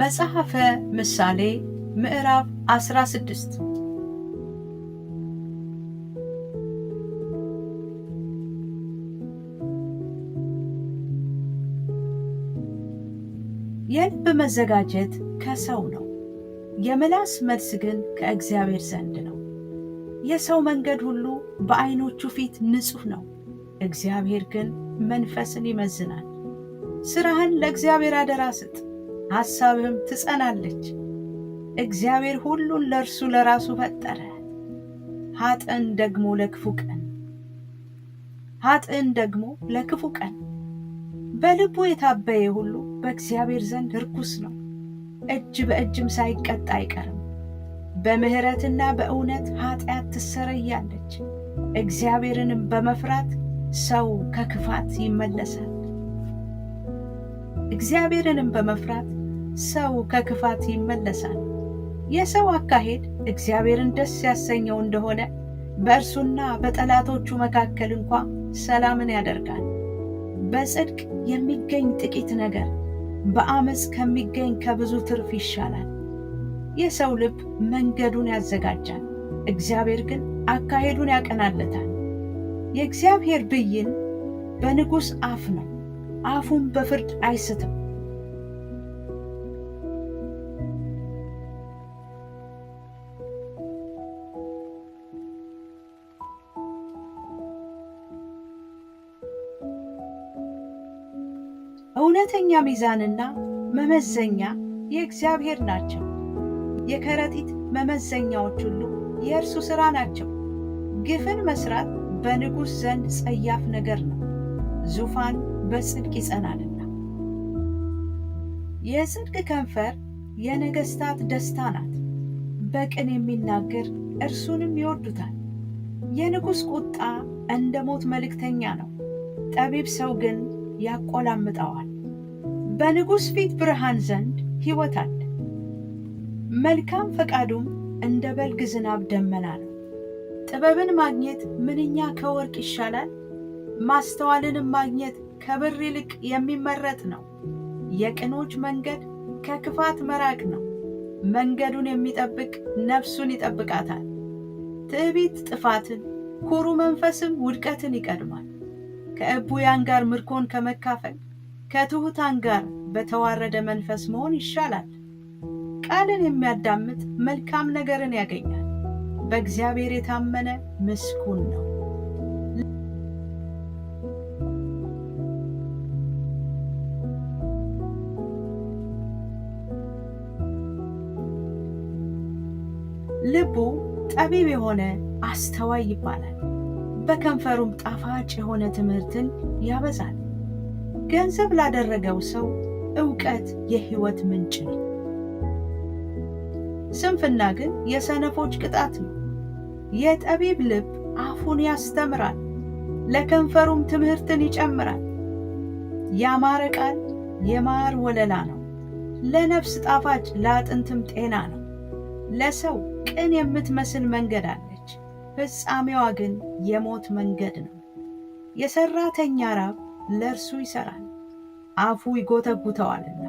መጽሐፈ ምሳሌ ምዕራፍ 16 የልብ መዘጋጀት ከሰው ነው፣ የምላስ መልስ ግን ከእግዚአብሔር ዘንድ ነው። የሰው መንገድ ሁሉ በዓይኖቹ ፊት ንጹሕ ነው፣ እግዚአብሔር ግን መንፈስን ይመዝናል። ሥራህን ለእግዚአብሔር አደራ ስጥ ሐሳብህም ትጸናለች። እግዚአብሔር ሁሉን ለእርሱ ለራሱ ፈጠረ። ሀጥን ደግሞ ለክፉ ቀን ሀጥን ደግሞ ለክፉ ቀን በልቡ የታበየ ሁሉ በእግዚአብሔር ዘንድ ርኩስ ነው። እጅ በእጅም ሳይቀጣ አይቀርም። በምሕረትና በእውነት ኀጢአት ትሰረያለች። እግዚአብሔርንም በመፍራት ሰው ከክፋት ይመለሳል። እግዚአብሔርንም በመፍራት ሰው ከክፋት ይመለሳል። የሰው አካሄድ እግዚአብሔርን ደስ ያሰኘው እንደሆነ በእርሱና በጠላቶቹ መካከል እንኳ ሰላምን ያደርጋል። በጽድቅ የሚገኝ ጥቂት ነገር በአመፅ ከሚገኝ ከብዙ ትርፍ ይሻላል። የሰው ልብ መንገዱን ያዘጋጃል፣ እግዚአብሔር ግን አካሄዱን ያቀናለታል። የእግዚአብሔር ብይን በንጉሥ አፍ ነው፣ አፉን በፍርድ አይስትም። እውነተኛ ሚዛንና መመዘኛ የእግዚአብሔር ናቸው። የከረጢት መመዘኛዎች ሁሉ የእርሱ ሥራ ናቸው። ግፍን መሥራት በንጉሥ ዘንድ ጸያፍ ነገር ነው፣ ዙፋን በጽድቅ ይጸናልና። የጽድቅ ከንፈር የነገሥታት ደስታ ናት። በቅን የሚናገር እርሱንም ይወዱታል። የንጉሥ ቁጣ እንደ ሞት መልእክተኛ ነው፣ ጠቢብ ሰው ግን ያቆላምጠዋል። በንጉሥ ፊት ብርሃን ዘንድ ሕይወት አለ። መልካም ፈቃዱም እንደ በልግ ዝናብ ደመና ነው። ጥበብን ማግኘት ምንኛ ከወርቅ ይሻላል! ማስተዋልንም ማግኘት ከብር ይልቅ የሚመረጥ ነው። የቅኖች መንገድ ከክፋት መራቅ ነው። መንገዱን የሚጠብቅ ነፍሱን ይጠብቃታል። ትዕቢት ጥፋትን፣ ኩሩ መንፈስም ውድቀትን ይቀድማል። ከእቡያን ጋር ምርኮን ከመካፈል ከትሑታን ጋር በተዋረደ መንፈስ መሆን ይሻላል። ቃልን የሚያዳምጥ መልካም ነገርን ያገኛል። በእግዚአብሔር የታመነ ምስጉን ነው። ልቡ ጠቢብ የሆነ አስተዋይ ይባላል። በከንፈሩም ጣፋጭ የሆነ ትምህርትን ያበዛል። ገንዘብ ላደረገው ሰው እውቀት የህይወት ምንጭ ነው። ስንፍና ግን የሰነፎች ቅጣት ነው። የጠቢብ ልብ አፉን ያስተምራል፣ ለከንፈሩም ትምህርትን ይጨምራል። ያማረ ቃል የማር ወለላ ነው፣ ለነፍስ ጣፋጭ፣ ለአጥንትም ጤና ነው። ለሰው ቅን የምትመስል መንገድ አለ ፍጻሜዋ ግን የሞት መንገድ ነው። የሰራተኛ ራብ ለእርሱ ይሰራል፣ አፉ ይጎተጉተዋልና።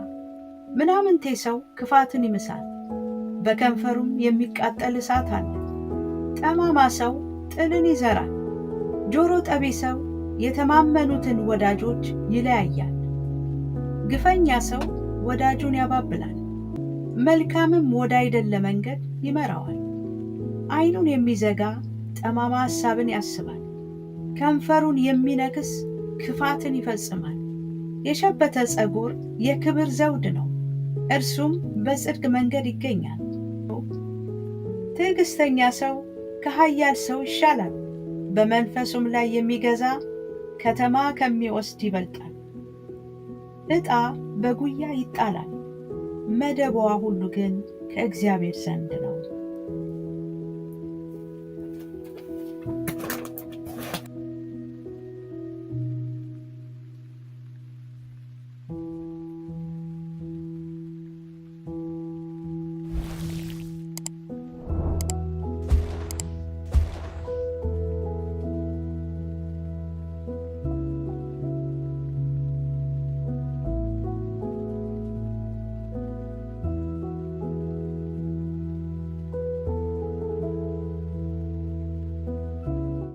ምናምንቴ ሰው ክፋትን ይምሳል፣ በከንፈሩም የሚቃጠል እሳት አለ። ጠማማ ሰው ጥልን ይዘራል፣ ጆሮ ጠቢ ሰው የተማመኑትን ወዳጆች ይለያያል። ግፈኛ ሰው ወዳጁን ያባብላል፣ መልካምም ወዳይደለ መንገድ ይመራዋል። ዓይኑን የሚዘጋ ጠማማ ሐሳብን ያስባል። ከንፈሩን የሚነክስ ክፋትን ይፈጽማል። የሸበተ ጸጉር የክብር ዘውድ ነው፣ እርሱም በጽድቅ መንገድ ይገኛል። ትዕግስተኛ ሰው ከኃያል ሰው ይሻላል፣ በመንፈሱም ላይ የሚገዛ ከተማ ከሚወስድ ይበልጣል። ዕጣ በጉያ ይጣላል፣ መደቧ ሁሉ ግን ከእግዚአብሔር ዘንድ ነው።